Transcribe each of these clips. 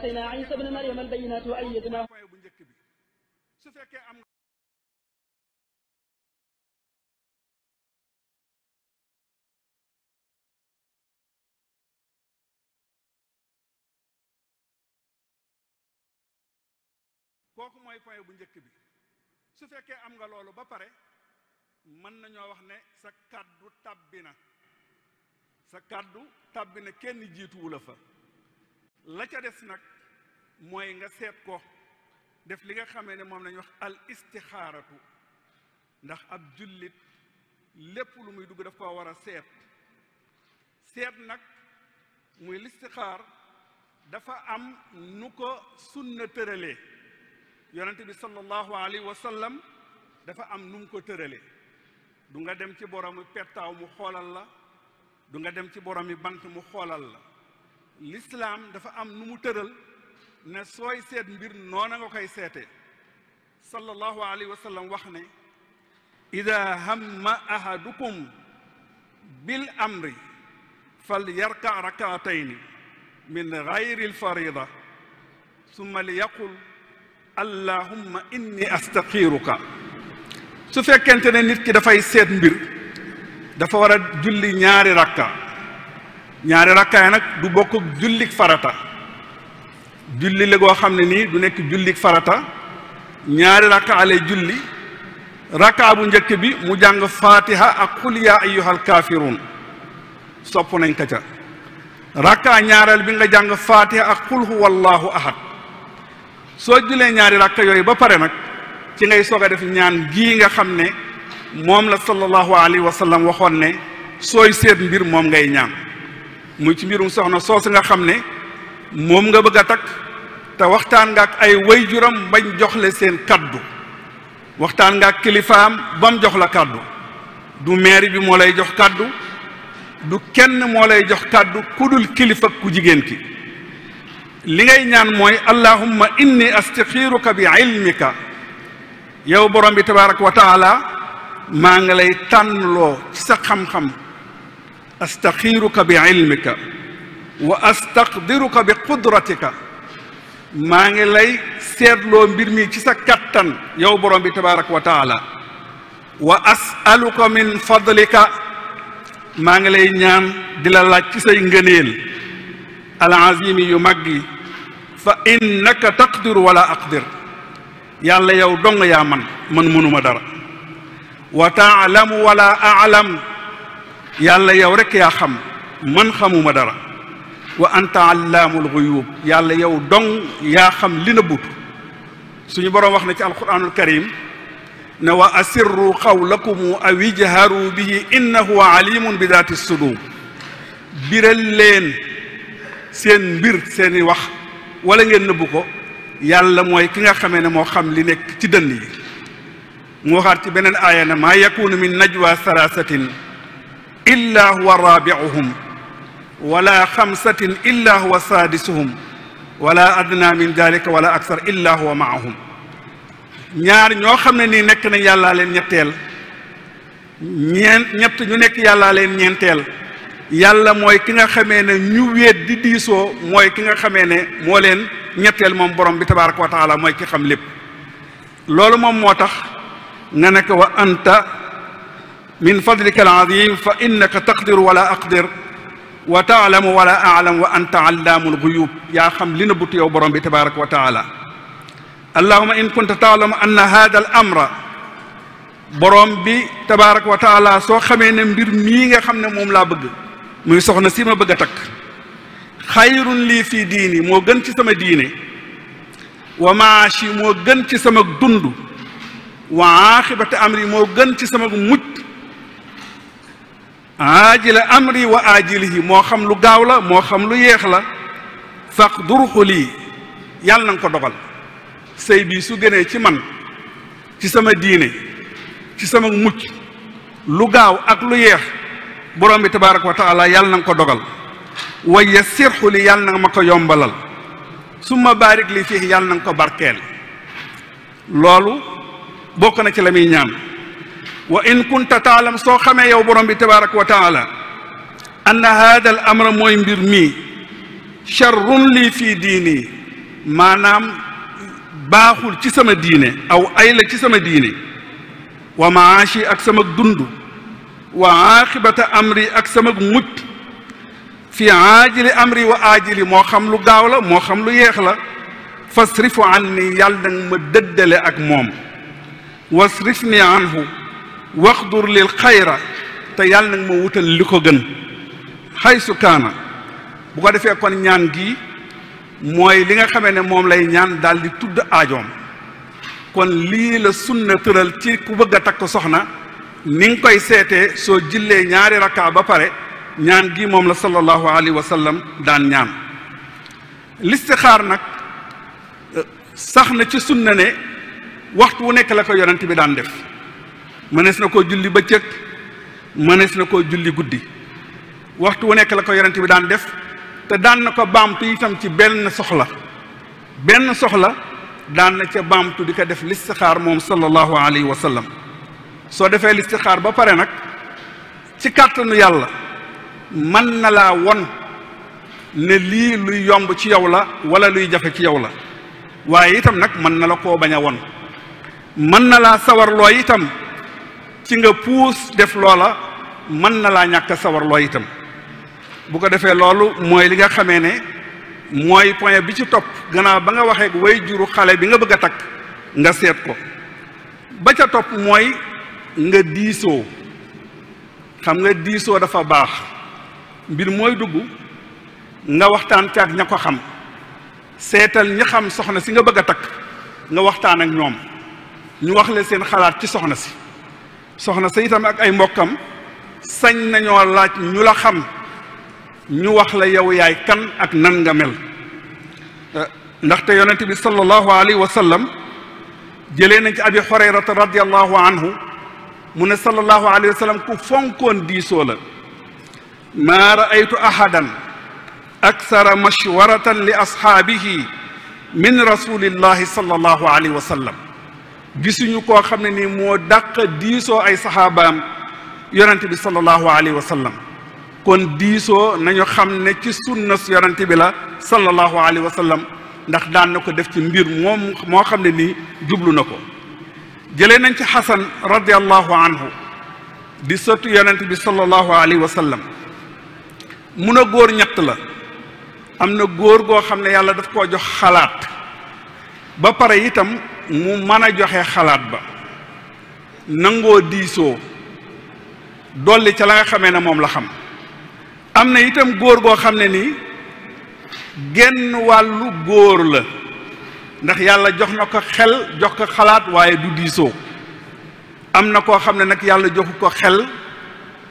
aataynaa bu njëkk bi su fekkee kooku mooy point bu njëkk bi su fekkee am nga loolu ba pare mën nañoo wax ne sa kàddu tàbbi sa kàddu tàbbi na kenn jiituwu la fa la ca des nag mooy nga seet ko def li nga xamee ne moom lañu wax al istixaaratu ndax ab jullit lépp lu muy dugg daf ko war a seet seet nag muy listixaar dafa am nu ko sunna tëralee yonent bi sallallahu alayhi wa sallam dafa am nu mu ko tëralee du nga dem ci boroomi pettaaw mu xoolal la du nga dem ci boroomi bant mu xoolal la lislaam dafa am nu mu tëral ne sooy seet mbir noona nga koy seete sallallahu alayhi wax ne ida hamma ahadukum bil amri fal yarka rakaatayni min gayri lfarida summa li allahumma inni astaxiruka su fekkente ne nit ki dafay seet mbir dafa wara julli ñaari rakka ñaari rakkaay nag du bokk jullik farata julli la goo xam ne nii du nekk jullik farata ñaari rakkaa lay julli rakkaa bu njëkk bi mu jàng fatiha ak xul yaa ayyuhal kaafiruun sopp nañ ko ca rakkaa ñaareel bi nga jàng fatiha ak xul huwallaahu ahad soo julee ñaari rakka yooyu ba pare nag ci ngay soog a def ñaan gii nga xam ne moom la sallallahu alayhi wa sallam waxoon ne sooy seet mbir moom ngay ñaan muy ci mbirum soxna si nga xam ne moom nga bëgg a takk te waxtaan nga ak ay wayjuram bañ joxle seen kàddu waxtaan nga ak kilifaam bam jox la kaddu du maire bi moo lay jox kaddu du kenn moo lay jox kàddu ku dul kilifa ku jigéen ki li ngay ñaan mooy allahumma inni astaxiiruka bi ilmika yow borom bi tabaaraka wa taala maa ngi lay tànnloo ci sa xam-xam astaxiiruka bi ilmika wa astaqdiruka bi qudratika maa ngi lay seetloo mbir mi ci sa kattan yow borom bi tabaraka wa taala wa asaluka min fadlika maa ngi lay ñaan di la laaj ci say ngëneel alazimi yu mag yi fa innaka taqdir wala aqdir yàlla yow dong yaa man man mënuma dara wa taalamu wala alam yàlla yow rek yaa xam man xamuma dara wa anta allaamul xuyuub yàlla yow dong yaa xam li na but suñu boroom wax na ci alquranul karim ne wa asirru qawlakum aw ijharu bihi innahu alimun bi daati sudur biral leen seen mbir seeni wax walla ngeen nëbbu ko yàlla mooy ki nga xamee ne moo xam li nekk ci dënn yi mu waxaat ci beneen aaya ne maa yakunu min najwa salaasatin illa huwa raabicuhum wala xamsatin illa huwa saadisuhum wala adna min dalika wala aksar illa huwa maahum ñaar ñoo xam ne nii nekk nañ yàllaa leen ñetteel ñeen ñett ñu nekk yàllaa leen ñeenteel yàlla mooy ki nga xamee ne ñu wéet di diisoo mooy ki nga xamee ne moo leen ñetteel moom borom bi tabaraka wa taala mooy ki xam lépp loolu moom moo tax nga ne wa anta min fadlika alazim fa innaka taqdiru wala aqdir wa taalamu wala aalam wa anta allaamul guyub yaa xam li nëbbutu yow borom bi tabaraka wa taala allahuma in kunta taalamu anna hada al amra borom bi tabaraka wa taala soo xamee ne mbir mii nga xam ne moom laa bëgg muy soxna si ma bëgg a takk xayrun lii fii diini moo gën ci sama diine wa maashi moo gën ci sama dund wa aaxibata amri moo gën ci sama mucc aajila amri wa aajilihi moo xam lu gaaw la moo xam lu yeex la faq durxu lii yàlla na nga ko dogal sëy bii su gënee ci man ci sama diine ci sama mucc lu gaaw ak lu yeex borom bi tabaaraka wa taala yàlla na nga ko dogal wa yassirhu li yàlla na ma ko yombalal summa baarik li fii yàlla na nga ko barkeel loolu bokk na ci la muy ñaan wa in kunta taalam soo xamee yow borom bi tabaraka wa taala anna haada al amra mooy mbir mii charrun lii fii diini maanaam baaxul ci sama diine aw ay la ci sama diine wa maashi ak sama dund wa aaqibata amri ak sama mujj fi aajili amri wa aajili moo xam lu gaaw la moo xam lu yeex la fasrifu an ni yàlla nag ma dëddale ak moom wasrif ni anhu waxdur lil xayra te yàlla nag moo wutal li ko gën xay su kaana bu ko defee kon ñaan gi mooy li nga xamee ne moom lay ñaan daal di tudd aajoom kon lii la sunna tëral ci ku bëgg a takk soxna ni nga koy seete soo jillee ñaari rakkaa ba pare ñaan gi moom la sallallahu alayhi wa sallam daan ñaan listixaar nag sax na ci sunna ne waxtu wu nekk la ko yonent bi daan def mënees na koo julli bëccëg mënees na koo julli guddi waxtu wu nekk la ko yonent bi daan def te daan na ko baamtu itam ci benn soxla benn soxla daan na ca baamtu di ko def listixaar moom sallallahu alayhi wa sallam soo defee listixaar ba pare nag ci kàttanu yàlla mën na laa won ne lii luy yomb ci yow la wala luy jafe ci yow la waaye itam nag mën na la koo bañ a won mën na laa sawarloo itam ci nga puus def loola mën na laa ñàkk sawar loo itam bu ko defee loolu mooy li nga xamee ne mooy point bi ci topp gannaaw ba nga waxee way juru xale bi nga bëgg a takk nga seet ko ba ca topp mooy nga diisoo xam nga diisoo dafa baax mbir mooy dugg nga waxtaan caag ña ko xam seetal ñi xam soxna si nga bëgg a takk nga waxtaan ak ñoom ñu wax la seen xalaat ci soxna si soxna sa itam ak ay mbokkam sañ nañoo laaj ñu la xam ñu wax la yow yaay kan ak nan nga mel euh, ndaxte yonent bi sallallahu alayhi wa sallam jëlee nañ ci abi xurayrata radiallahu anhu mu ne sallallahu alayhi wa sallam ku fonkoon diisoo la maa raaytu ahadan aksara mashwaratan li ashaabihi min rasulillahi sallallahu alayhi wa sallam gisuñu koo xam ne nii moo dàq diisoo ay saxaabaam yonante bi sallallahu alayhi wa sallam kon diisoo nañu xam ne ci sunna yonante bi la sallallahu alayhi wasalam ndax daan na ko def ci mbir moom moo xam ne nii jublu na ko jëlee nañ ci xasan radiallahu anhu di sëtu yonante bi sallallahu alayhi wa mun a góor ñett la am na góor goo xam ne yàlla daf koo jox xalaat ba pare itam mu mën a joxe xalaat ba nangoo diisoo dolli ca la nga xamee na moom la xam am na itam góor goo xam ne nii genn wàllu góor la ndax yàlla jox na ko xel jox ko xalaat waaye du diisoo am na koo xam ne nag yàlla joxu ko xel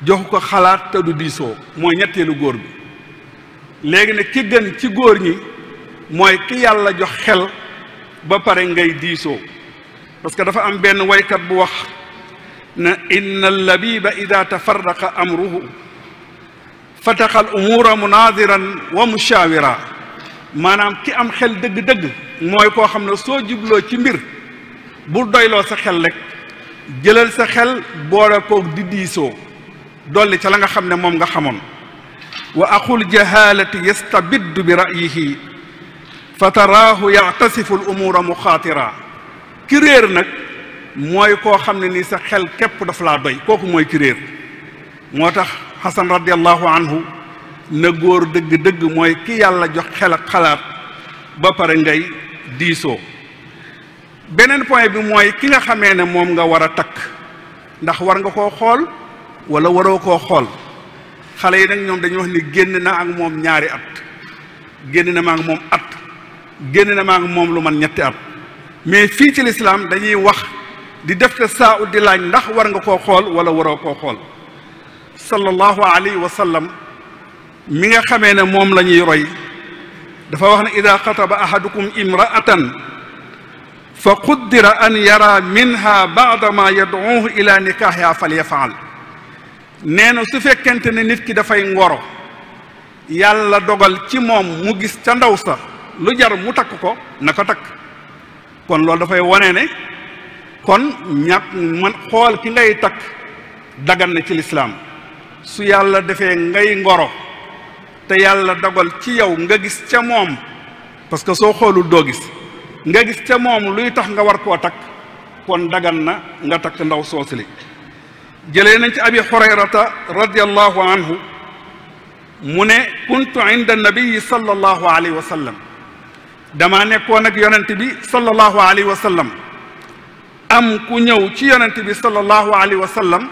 joxu ko xalaat te du diisoo mooy ñetteelu góor bi léegi nag ki gën ci góor ñi mooy ki yàlla jox xel ba pare ngay diisoo parce que dafa am benn waykat bu wax na inna allabiba ida tafarraqa amruhu fataqa al umuura munaadiran wa mushaawira maanaam ki am xel dëgg-dëgg mooy koo xam ne soo jubloo ci mbir bu doyloo sa xel rek jëlal sa xel boole koo di diisoo dolli ca la nga xam ne moom nga xamoon wa aqul jahalati yastabiddu bi ra'yihi fa taraahu yactasifu l umuura muxaatira ki réer nag mooy koo xam ne ni sa xel képp dafa laa doy kooku mooy ki moo tax xasan radiallahu anhu na góor dëgg-dëgg mooy ki yàlla jox xel xalaat ba pare ngay diisoo beneen point bi mooy ki nga xamee ne moom nga war a takk ndax war nga koo xool wala waroo koo xool xale yi nag ñoom dañuy wax ni génn na ak moom ñaari at génn na ma ak moom at génne na maa ngi moom lu man ñetti at mais fii ci lislaam dañuy wax di def te saa ut di laaj ndax war nga koo xool wala waroo koo xool sallallahu alayhi wa sallam mi nga xamee ne moom lañuy ñuy roy dafa wax ne ida xataba ahadukum imra'atan fa quddira an yara minha baada ma yad'uhu ila nikaahiha falyafaal nee na su fekkente ne nit ki dafay ngoro yàlla dogal ci moom mu gis ca ndaw sa lu jar mu takk ko na ko takk kon loolu dafay wane ne kon ñàkk man xool ki ngay takk dagan na ci lislaam su yàlla defee ngay ngoro te yàlla dogal ci yow nga gis ca moom parce que soo xoolul doo gis nga gis ca moom luy tax nga war koo takk kon dagan na nga takk ndaw li jëlee nañ ci abi hurayrata radiallahu anhu mu ne kuntu inda nabiyi sallallahu alayhi wa sallam dama nekkoon nag yonent bi sallallahu alayhi wa sallam am ku ñëw ci yonent bi sallallahu alayhi wa sallam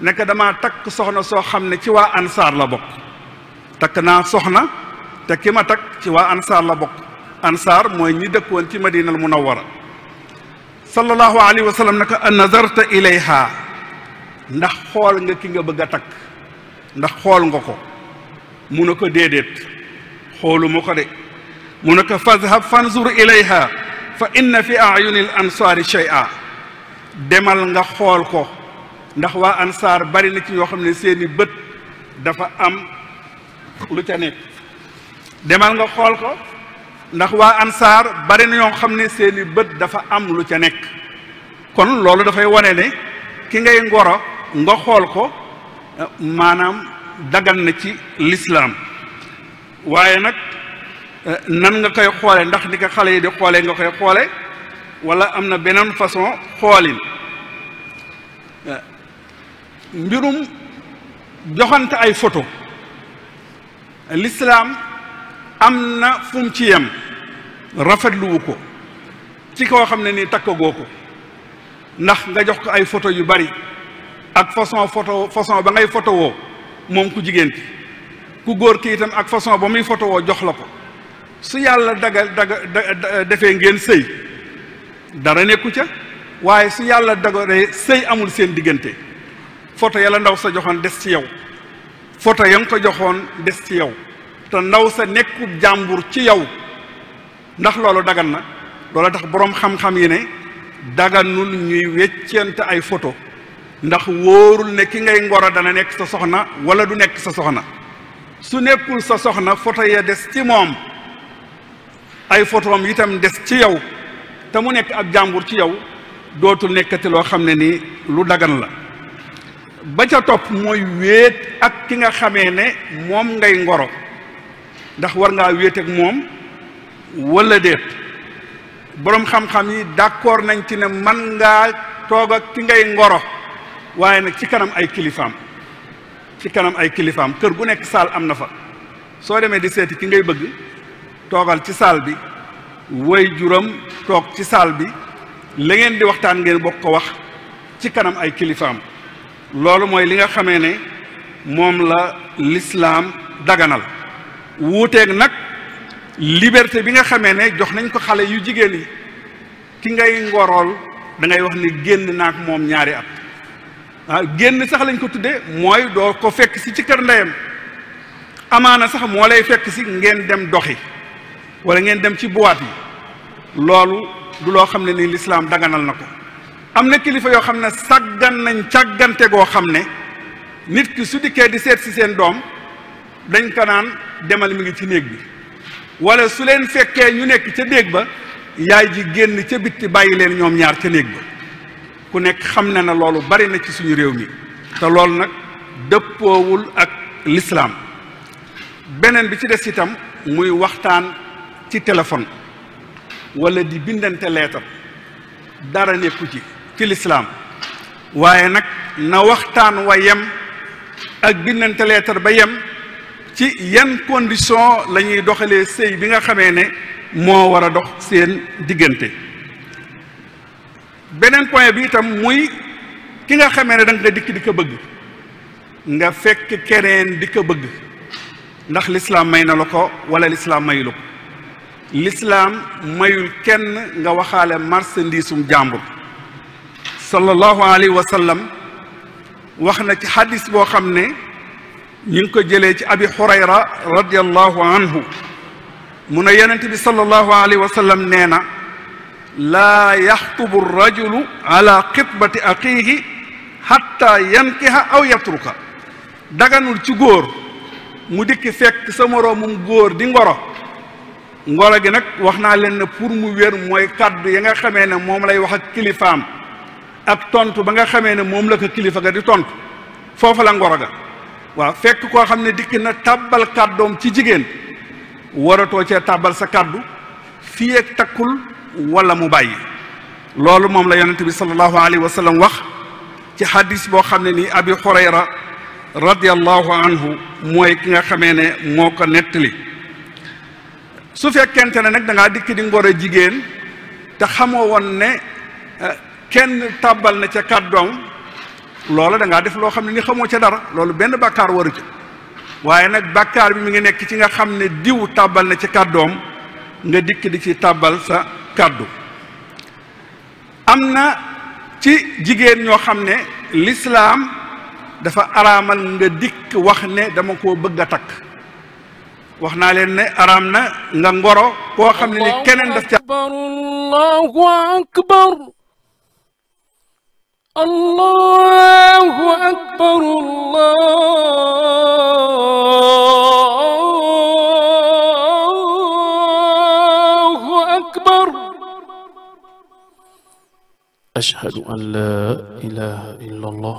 nekk dama takk soxna soo xam ne ci waa ansaar la bokk takk naa soxna te ki ma takk ci waa ansaar la bokk ansaar mooy ñi dëkkoon ci madinal munawwara sallallahu alayhi wa sallam naka a nazarta ilayha ndax xool nga ki nga bëgg a takk ndax xool nga ko mu ne ko déedéet xoolu ma ko de mu fa ne ko fazhab fanzur ilayha fa inna fi ayunil ansaari shay'a demal nga xool ko ndax waa ansaar bari na ci ñoo xam ne seeni bët dafa am lu ca nekk demal nga xool ko ndax waa ansaar bari na ñoo xam ne seeni bët dafa am lu ca nekk kon loolu dafay wane ne ki ngay ngoro nga xool ko maanaam dagan na ci lislaam waaye nag Euh, nan nga koy xoole ndax ni ko xale yi di xoole nga koy xoole wala am na beneen façon xoolin euh, mbirum joxante ay photo lislaam am na fu mu ci yem rafetluwu ko ci koo xam ne nii takkagoo ko ndax nga jox ko ay photo yu bari ak façon photo façon ba ngay photo woo moom ku jigéen ki ku góor ki itam ak façon ba muy photo woo jox la ko su yàlla dagal daga defee ngeen sëy dara nekku ca waaye su yàlla dagaree sëy amul seen diggante foto yàlla ndaw sa joxoon des ci yow foto ya nga ko joxoon des ci yow te ndaw sa nekkub jàmbur ci yow ndax loolu dagal na loola tax boroom xam-xam yi ne daganul ñuy weccente ay foto ndax wóorul ne ki ngay ngoro dana nekk sa soxna wala du nekk sa soxna su nekkul sa soxna foto ya des ci moom ay photoom tam des ci yow te mu nekk ak jàmbur ci yow dootul nekkati loo xam ne ni lu dagan la ba ca topp mooy wéet ak ki nga xamee ne moom ngay ngoro ndax war ngaa wéet ak moom wala déet boroom xam-xam yi d'accord nañ ci ne man ngaa toog ak ki ngay ngoro waaye nag ci kanam ay kilifaam ci kanam ay kilifaam kër gu nekk saal am na fa soo demee di seeti ki ngay bëgg toogal ci saal bi woy juróom toog ci saal bi la ngeen di waxtaan ngeen bokk ko wax ci kanam ay kilifaam loolu mooy li nga xame ne moom la lislaam daganal wuuteeg nag liberté bi nga xamee ne jox nañ ko xale yu jigéen yi ki ngay ngorool dangay ngay wax ni génn naak moom ñaari at ah génn sax lañ ko tudde mooy doo ko fekk si ci kër ndeyam amaana sax moo lay fekk si ngeen dem doxi wala ngeen dem ci boîte yi loolu du loo xam ne ni lislaam daganal na ko am na kilifa yoo xam ne sàggan nañ càggante goo xam ne nit ki su dikkee di seet si seen doom dañ ko naan demal mi ngi ci néeg bi wala su leen fekkee ñu nekk ca néeg ba yaay ji génn ca bitti bàyyi leen ñoom ñaar ca néeg ba ku nekk xam ne na loolu bari na ci suñu réew mi te loolu nag dëppoowul ak lislaam beneen bi ci des itam muy waxtaan ci téléphone wala di bindante leetar dara nekku ci ci lislaam waaye nag na waxtaan wa yem ak bindante leetar ba yem ci yan condition lañuy doxalee sëy bi nga xamee ne moo war a dox seen diggante beneen point bi itam muy ki nga xamee ne da nga dikk di ko bëgg nga fekk keneen di ko bëgg ndax lislaam may na la ko wala lislaam mayu la ko lislaam mayul kenn nga waxaale marsandiisum jàmbur sallallahu alayhi wa sallam wax na ci xadis boo xam ne ñu ngi ko jëlee ci abi xurayra radiallahu anhu mu ne yonent bi sallallahu alayhi wa sallam nee na laa yaxtubu rajulu ala xitbati axiihi xatta yankiha aw yatruka daganul ci góor mu dikk fekk sa moroomum góor di ngoro ngolo gi nag wax naa leen ne pour mu wér mooy kàddu ya nga xamee ne moom lay wax ak kilifaam ak tontu ba nga xamee ne moom la ko kilifa ga di tontu foofu la ngoro ga waaw fekk koo xam ne dikk na tàbbal kàddoom ci jigéen waratoo cee tàbbal sa kàddu fii takkul wala mu bàyyi loolu moom la yonente bi sallallahu alayhi wa wax ci hadis boo xam ne nii abi hurayra radiallahu anhu mooy ki nga xamee ne moo ko nettali su fekkente ne nag da dikk di ngoro jigéen te xamoo woon ne eh, kenn tàbbal na ca kàddoom loolu da def loo xam ne ni xamoo ca dara loolu benn bàkkaar waru ci waaye nag bàkkaar bi mi ngi nekk ci nga xam ne diw tàbbal na ci kàddoom nga dikk di ci tàbbal sa kàddu am na ci jigéen ñoo xam ne lislaam dafa araamal nga dikk wax ne dama ko bëgg a takk wax naa leen ne araam na nga ngoro koo xam ne ni keneen daf ca allahu akbar allahu akbar allahu akbar ashhadu an la ilaha illa allah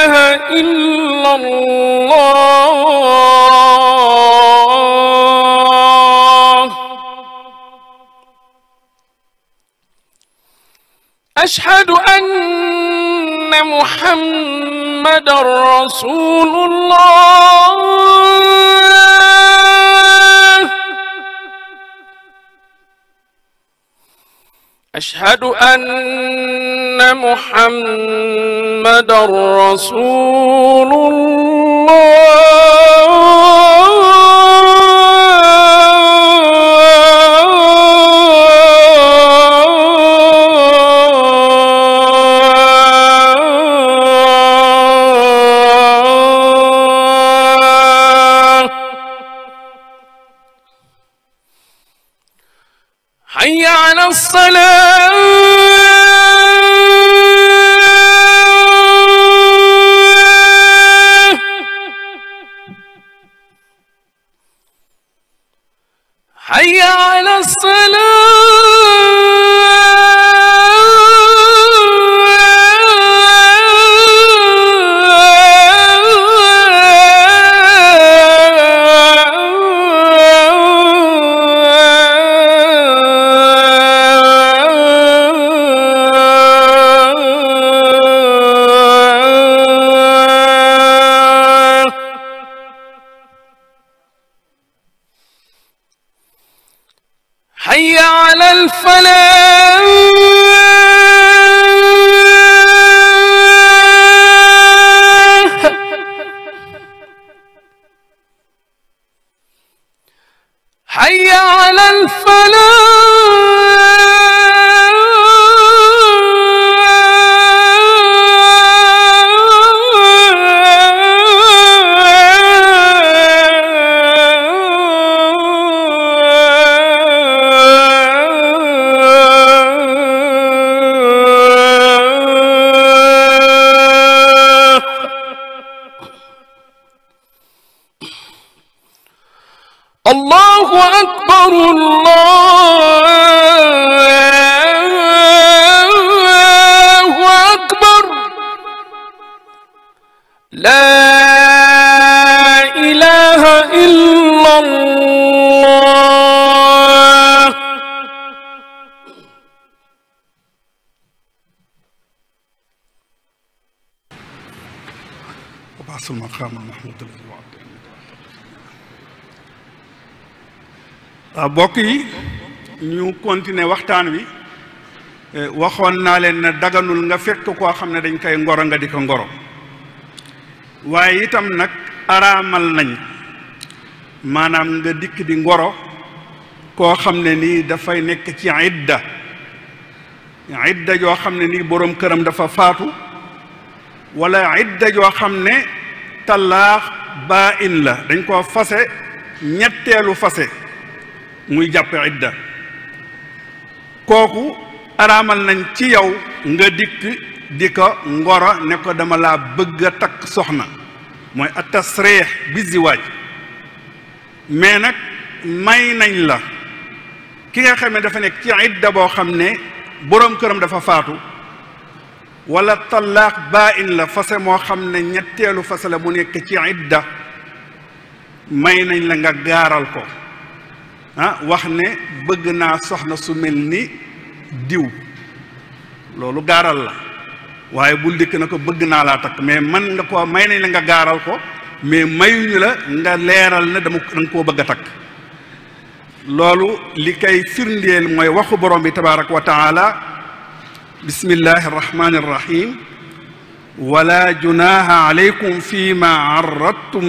إله إلا الله أشهد أن محمد رسول الله أشهد أن أن محمد رسول حي على الصلاه حي على الفلاح bokk yi ñu continuer waxtaan wi eh, waxoon naa leen ne daganul nga fekk koo xam ne dañ koy ngoro nga di ko ngoro waaye itam nag araamal nañ maanaam nga dikk di ngoro koo xam ne nii dafay nekk ci idda idda yoo xam ne nii boroom këram dafa faatu wala idda yoo xam ne talaax baa in la dañ koo fase ñetteelu fase muy jàpp idda kooku araamal nañ ci yow nga dikk di ko ngoro ne ko dama la bëgga takk soxna mooy a tasreex bi mais nag may nañ la ki nga xam ne dafa nekk ci idda boo xam ne boroom këram dafa faatu wala tallaax baa in la fase moo xam ne ñetteelu fase la mu nekk ci idda may nañ la nga gaaral ko wax ne bëgg naa soxna su mel ni diw loolu gaaral la waaye bul dikk na ko bëgg naa laa takk mais man nga ko may nañ la nga gaaral ko mais mayuñu la nga leeral na dama da koo bëgg a takk loolu li kay firndeel mooy waxu borom bi tabaaraka wa taala bismillahi arrahmani arrahim wala junaha aleykum fi ma arradtum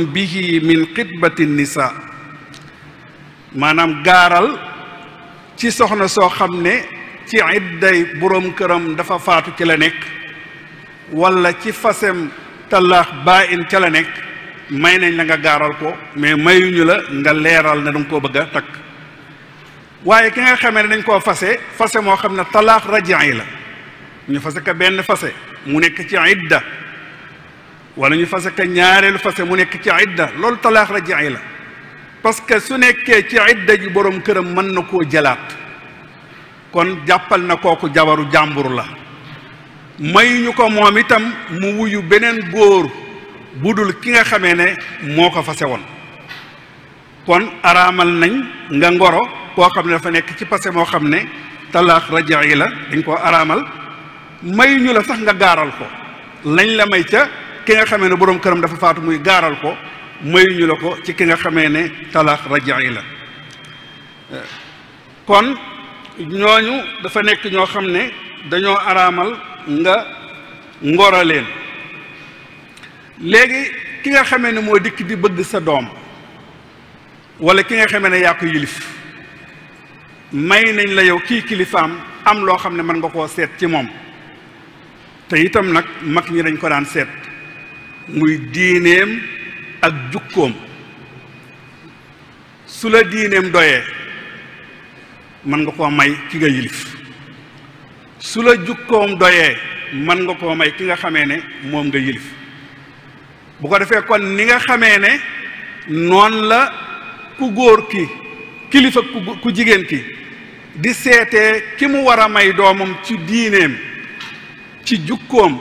min xitbati nisa maanaam gaaral ci soxna soo xam ne ci idday boroom këram dafa faatu ci la nekk walla ci fasem talaax baa in ca la nekk may nañ la nga gaaral ko mais mayuñu la nga leeral ne danga koo bëgg a takk waaye ki nga xamee ne dañ koo fase fase moo xam ne talaax raja'i la ñu fase ka benn fase mu nekk ci idda walla ñu fase ka ñaareelu fase mu nekk ci idda loolu talaax raja'i la parce que su nekkee ci idda ji borom këram mën na koo jëlaat kon jàppal na kooku jabaru jàmbur la may ko moom itam mu wuyu beneen góor bu dul ki nga xamee ne moo ko fase woon kon araamal nañ nga ngoro koo xam ne dafa nekk ci passé moo xam ne talaax raja yi la dañ koo araamal mayuñu la sax nga gaaral ko lañ la may ca ki nga xamee ne boroom këram dafa faatu muy gaaral ko mayuñu la ko ci ki nga xamee ne talaax rajai la eh, kon ñooñu dafa nekk ñoo xam ne dañoo araamal nga ngoro leen léegi ki nga xame ne moo dikk di bëgg sa doom wala ki nga xamee ne yaa ko yilif may nañ la yow kii kilifaam am loo xam ne mën nga koo seet ci moom te itam nag mag ñi dañ ko daan seet muy diineem ak jukkoom su la diineem doyee mën nga koo may ki nga yilif su la jukkoom doyee mën nga koo may ki nga xamee ne moom nga yilif bu ko defee kon ni nga xamee ne noonu la ku góor ki kilifa ku jigéen ki di seetee ki mu war a may doomam ci diineem ci jukkoom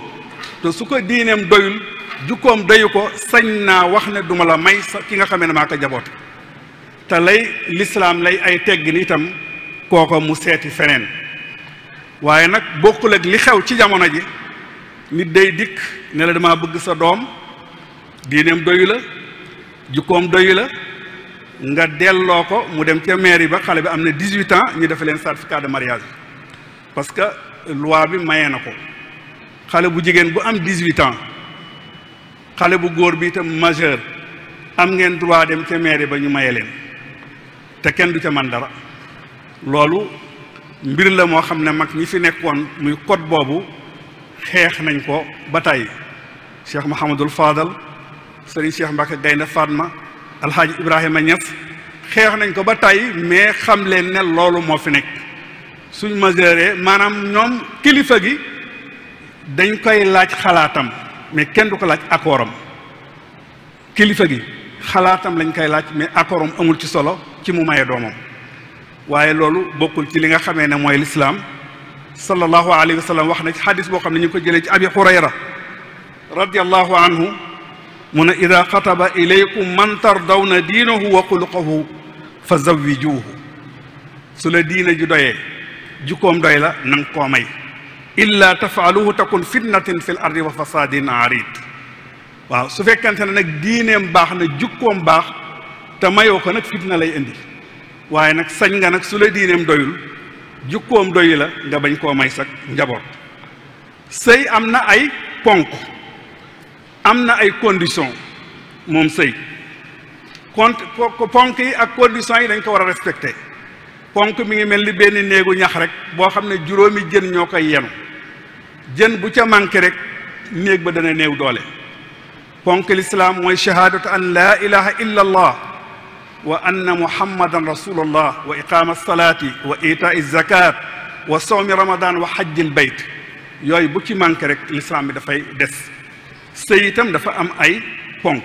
te su ko diineem doyul jukkoom dayu ko sañ naa wax ne duma la may sa ki nga xamee ne maa ko jaboote te lay lislaam lay ay teggin itam kooko mu seeti feneen waaye nag bokkul ak li xew ci jamono ji nit day dikk ne la dama bëgg sa doom diineem doyu la jukkoom doyu la nga delloo ko mu dem ca mairie ba xale bi am na dix-huit ans ñu defe leen certificat de mariage parce que loi bi mayee na ko xale bu jigéen bu am dix-huit ans xale bu góor bi itam majeur am ngeen droit dem ca mairie ba ñu maye leen te kenn du ca man dara loolu mbir la moo xam ne mag ñi fi nekkoon muy code boobu xeex nañ ko ba tàyyi Cheikh Mouhamadul Fadal Serigne Cheikh Mbacke Gaynde Fatma Alhaaji Ibrahima Niass xeex nañ ko ba tàyyi mais xam leen ne loolu moo fi nekk suñ majeure maanaam ñoom kilifa gi dañ koy laaj xalaatam mais kenn du ko laaj accord kilifa gi xalaatam lañ koy laaj mais accord amul ci solo ci mu maye doomam waaye loolu bokkul ci li nga xamee ne mooy lislaam sallallahu alayhi wa wax na ci xadis boo xam ne ñu ko jëlee ci abi hurayra radiallahu anhu mu ne ida xataba ilaykum man tardawna diinahu wa xuluqahu fa zawwijuuhu su la diina ju doyee jukkoom doy la nanga ko may illa tafaaluhu takun fitnatin fil ardi wa fasadin arid waaw su fekkente ne nag diineem baax na jukkoom baax te mayoo ko nag fitna lay indi waaye nag sañ nga nag su la diineem doyul jukkoom doyu la nga bañ koo may sax njaboot sëy am na ay ponk am na ay condition moom sëy ko ponk yi ak condition yi dañ ko war a respecté ponk mi ngi mel ni benn néegu ñax rek boo xam ne juróomi jën ñoo koy yenu jën bu ca manqué rek néeg ba dana néew doole ponk lislaam mooy shahaadatu an laa ilaha illa allah wa anna muhammadan rasulullah wa iqaama salaati wa itaa zakat wa sawmi ramadan wa xajjil bayt yooyu bu ci manqué rek lislaam bi dafay des sëy itam dafa am ay ponk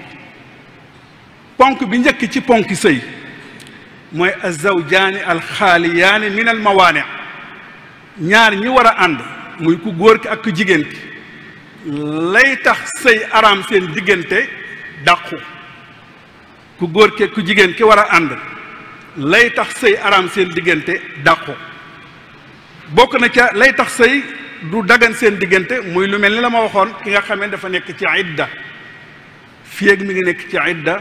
ponk bi njëkk ci ponk sëy mooy azawjaani alxaaliyaani min al mawaane ñaar ñi war a ànd muy ku góor ki ak jigéen ki lay tax sëy araam seen diggante dàqu ku góor ki ak ku jigéen ki war a ànd lay tax sëy araam seen diggante dàqu bokk na ca lay tax sëy du daggan seen diggante muy lu mel ni la ma waxoon ki nga xamee dafa nekk ci idda fii ak mi ngi nekk ci idda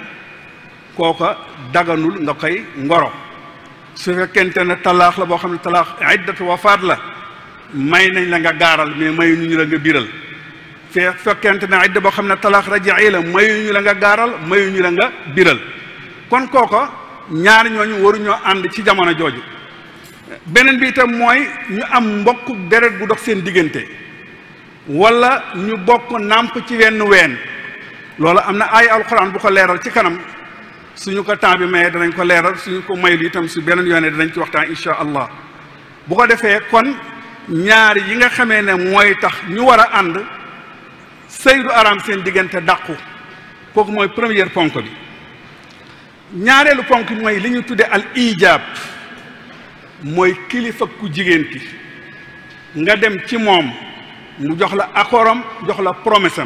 kooka daganul nga koy ngoro su fekkente ne talaax la boo xam ne talaax iddatu wafaat la may nañ la nga gaaral mais mayuñu la nga biral fe fekkente ne idda boo xam ne talaax rajai la mayuñu la nga gaaral mayuñu la nga biral kon kooko ñaar ñooñu waruñoo ànd ci jamono jooju beneen bi itam mooy ñu am mbokk deret bu dox seen diggante wala ñu bokk nàmp ci wenn ween loolu am na ay alxuraan bu ko leeral ci kanam suñu ko temps bi mayee danañ ko leeral suñu ko maylu itam su beneen yoone danañ ci waxtaan incha allah bu ko defee kon ñaari yi nga xamee ne mooy tax ñu war a ànd sëy du araam seen diggante dàqu kooku mooy première ponk bi ñaareelu ponk bi mooy li ñu tudde al ijaab mooy kilifa ku jigéen ki nga dem ci moom mu jox la accordam jox la promesse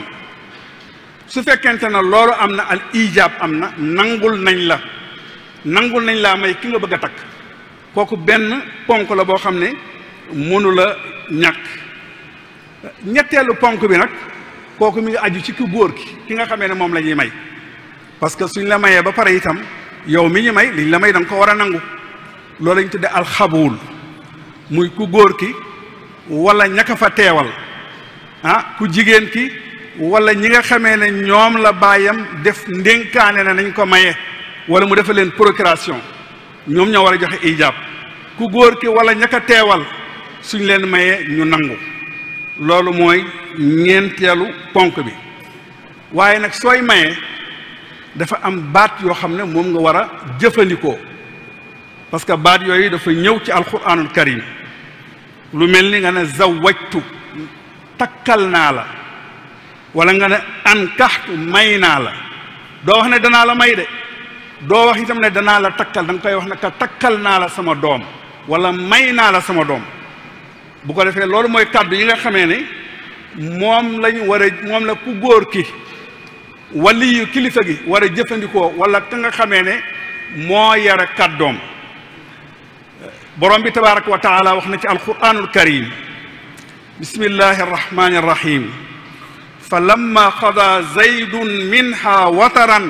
su fekkente ne loolu am na al ijaab am na nangul nañ la nangul nañ laa may ki nga bëgg a takk kooku benn ponk la boo xam ne mënu la ñàkk ñetteelu ponk bi nag kooku mi ngi aju ci ku góor ki ki nga xamee ne moom la ñuy may parce que suñ la mayee ba pare itam yow mi ñu may liñ la may danga ko war a nangu loolu lañ tuddee alxabuwul muy ku góor ki wala ñakk fa teewal ah, ku jigéen ki wala ñi nga xamee ne ñoom la baayam def ndénkaane na nañ ko maye wala mu defal leen procuration ñoom ñoo war a joxe ijaab ku góor ki wala ñaka teewal suñ leen mayee ñu nangu loolu mooy ñeenteelu ponk bi waaye nag sooy mayee dafa am baat yoo xam ne moom nga war a jëfandikoo parce que baat yooyu dafa ñëw ci alquranul karim lu mel ni nga ne zawajtu takkal naa la wala nga ne an kaxtu may naa la doo wax ne danaa la may de doo wax tam ne danaa la takkal da nga koy wax ne ka takkal naa la sama doom wala may naa la sama doom bu ko defee loolu mooy kàddu yi nga xamee ne moom lañu war a moom la ku góor ki waliyu kilifa gi war a jëfandikoo wala ka nga xamee ne moo yara kàddoom borom bi tabaaraka wa taala wax na ci alquranul karim bismillahi arrahmani arrahim fa lamma qada zaydun minha wataran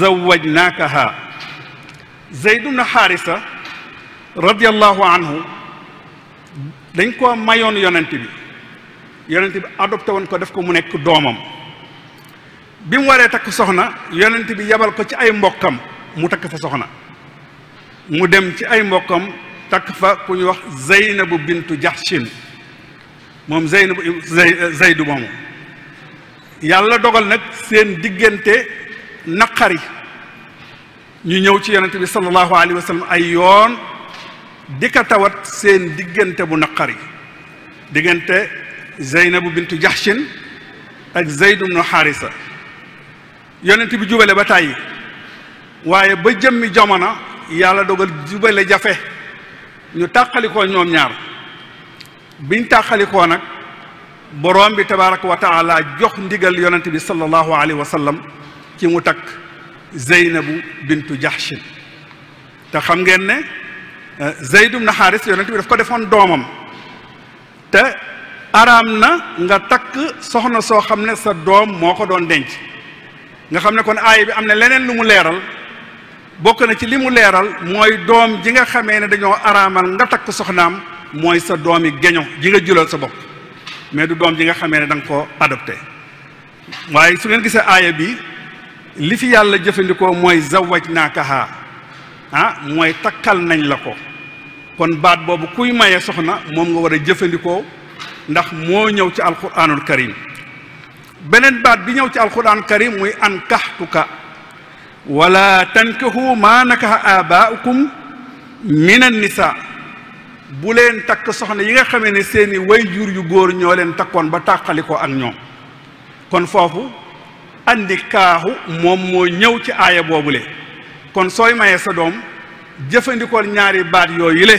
zawajnaakaha zeyd ibn xaarisa radiallahu anhu dañ ko mayoon yonent bi yonent bi adopté woon ko def ko mu nekk doomam bi mu waree takk soxna yonent bi yabal ko ci ay mbokkam mu takk fa soxna mu dem ci ay mbokkam takk fa ku wax zeynabu bintu jaxshin moom zeynabu zeydu moomu yàlla dogal nag seen diggante naqari ñu ñëw ci yonent bi sallallahu alayhi wa sallam ay yoon di tawat seen diggante bu naqari diggante Zeynabu bintu Jaxsin ak Zeyd ibnu Xaarisa yonent bi jubale ba tàyyi waaye ba jëmmi jamono yàlla dogal jubale jafe ñu tàqalikoo ñoom ñaar biñ tàqalikoo nag boroom bi tabaraka wa taala jox ndigal yonent bi sallallahu alayhi wa sallam ci mu takk zeynabu bintu jahshin te xam ngeen ne euh, zeyd ibn xaaris yonent bi daf ko defoon doomam te araam na nga takk soxna soo xam ne sa doom moo ko doon denc nga xam ne kon aaya bi am na leneen lu mu leeral bokk na ci li mu leeral mooy doom ji nga xamee ne dañoo araamal nga takk soxnaam mooy sa doomi geño ji nga julal sa bopp mais du doom ji nga xamee ne danga ko koo adopté waaye su ngeen gisee aaya bi li fi yàlla jëfandikoo mooy zawaj naakaha ah mooy takkal nañ la ko kon baat boobu kuy maye soxna moom nga war a jëfandikoo ndax moo ñëw ci alquranul karim beneen baat bi ñëw ci alquran karim muy an kaxtuka wala tankahu maa nakaha abaukum min an nisa bu leen takk soxna yi nga xamee ne seeni way jur yu góor ñoo leen takkoon ba tàqali ko ak ñoom kon foofu andi kaaxu moom moo ñëw ci aaya boobule kon sooy mayee sa doom jëfandikool ñaari baat yooyu le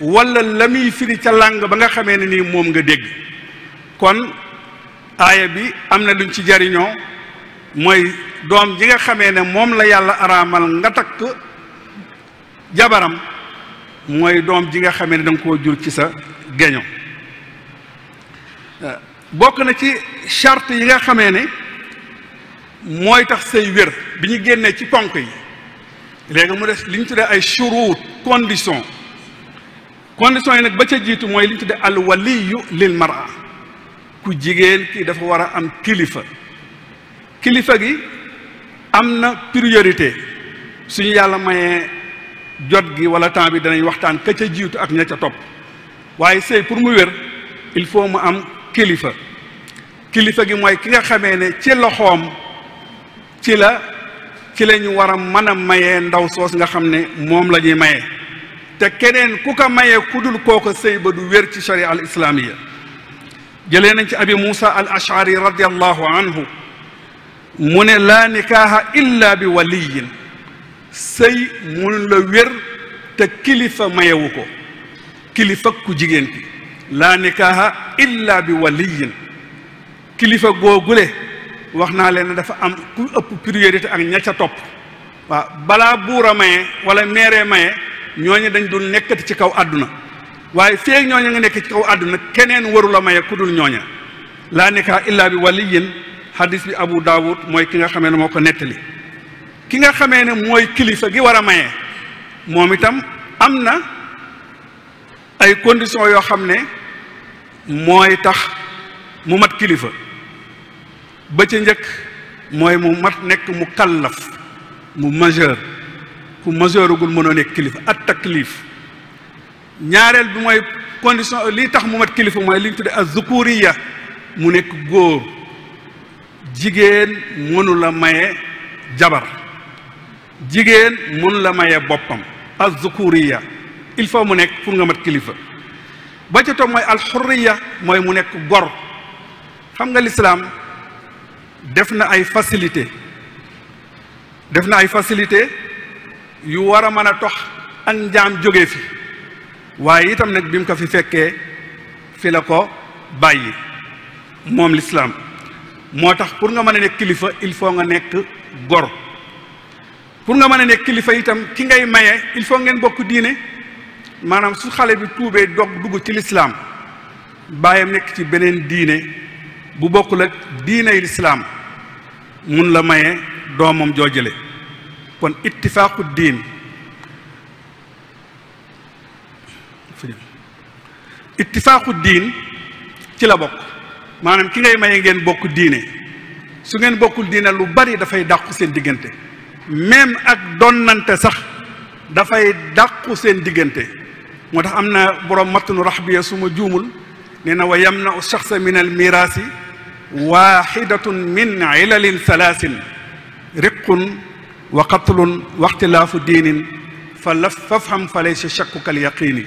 wala la muy firi ca làng ba nga xamee ne nii moom nga dégg kon aaya bi am na luñ ci jariñoo mooy doom ji nga xamee ne moom la yàlla araamal nga takk jabaram mooy doom ji nga xamee ne danga nga koo jur ci sa geño euh, bokk na ci charte yi nga xamee ne mooy tax say wér bi ñu génnee ci ponk yi léegi mu des li ñu tuddee ay shuruut condition condition yi nag ba ca jiitu mooy li ñu tuddee al waliyu lil mara ku jigéen kii dafa war a am kilifa kilifa gi am na priorité suñu yàlla mayee jot gi wala temps bi danañ waxtaan ka ca jiitu ak ña ca topp waaye sëy pour mu wér il faut mu am kilifa kilifa gi mooy ki nga xamee ne ci loxoom ci la ci la ñu war a mën a mayee ndaw soos nga xam ne moom la ñuy mayee te keneen ku ko maye ku dul kooko sëy ba du wér ci sharia al islaamiya jëlee nañ ci abi muusa al ashari radiallahu anhu mu ne laa nikaaha illa bi waliyin sëy mënu la wér te kilifa mayewu ko kilifa ku jigéen ki laa nikaaha illa bi waliyin kilifa googule wax naa leen ne dafa am ku ëpp priorité ak ña ca topp waaw balaa a maye walla meeree maye ñooñu dañ dul nekkati ci kaw àdduna waaye feeg ñooña ngi nekk ci kaw àdduna keneen waru la maye ku dul ñooña laa nikaaha illa bi waliyin hadis bi Abu Daawud mooy ki nga xamee ne moo ko nettali ki nga xamee ne mooy kilifa gi war a maye moom itam am na ay conditions yoo xam ne mooy tax mu mat kilifa ba ca njëkk mooy mu mat nekk mu kallaf mu majeur ku majeuragul mënoo nekk kilifa at takkilif ñaareel bi mooy condition lii tax mu mat kilifa mooy li ñu tudde ak zukuriya mu nekk góor jigéen mënula la maye jabar jigéen mën la maye boppam azzukuriya il faut mu nekk pour nga mat kilifa ba ca toog mooy alxurriya mooy mu nekk gor xam nga lislaam def na ay facilité def na ay facilité yu war a mën a tox ak njaam jóge fi waaye itam nag bi mu ko fi fekkee fi la ko bàyyi moom lislaam moo tax pour nga mën a nekk kilifa il faut nga nekk gor pour nga mën a nekk kilifa itam ki ngay maye il faut ngeen bokk diine maanaam su xale bi tuubee dog dugg ci lislaam bàyyam nekk ci beneen diine bu bokkul ak diiney lislaam mun la maye doomam joojale kon ittifaaqu diin ittifaaqu diin ci la bokk maanaam ki ngay maye ngeen bokk diine su ngeen bokkul diine lu bari dafay dàqu seen diggante même ak donnante sax dafay dàqu seen diggante moo tax am na borom matnu raxbiya su ma juumul nee na wa yamnau shaxsa min al miraasi waxidatun min ilalin salaasin riqun wa qatlun wa ixtilaafu diinin fa la fafham fa laysa shakkuka al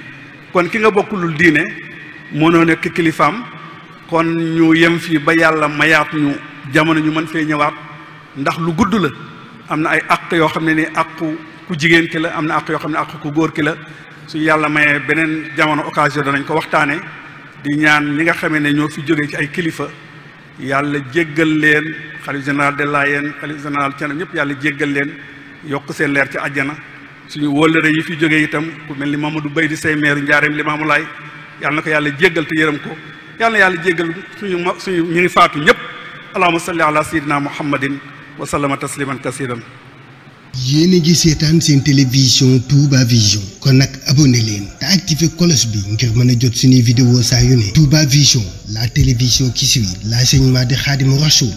kon ki nga bokkulul diine mënoo nekk kilifaam kon ñu yem fii ba yàlla mayaat ñu jamono ñu mën fee ñëwaat ndax lu gudd la am na ay àq yoo xam ne ni àqu ku jigéen ki la am na àq yoo xam ne àq ku góor ki la su yàlla mayee beneen jamono occasion danañ ko waxtaane di ñaan ñi nga xamee ne ñoo fi jógee ci ay kilifa yàlla jéggal leen xalif général de Layène xalif général Thiénaba ñëpp yàlla jéggal leen yokk seen leer ci àjjana suñu wóllëre yi fi jógee itam ku mel ni ma du Bay di say meeru njaareem Limaamu Laay yàlla na ko yàlla jéggal te yërëm ko yàlla yàlla jéggal suñu suñu ñu ngi faatu ñëpp allahumma salli ala sayyidina muhammadin wa sallama tasliman kasiran yéen seetaan seen télévision Touba Vision kon nag abonné leen te activé cloche bi ngir mën a jot suñuy vidéo saa yu ne Touba Vision la télévision qui suit l'enseignement di Khadimou Rassoul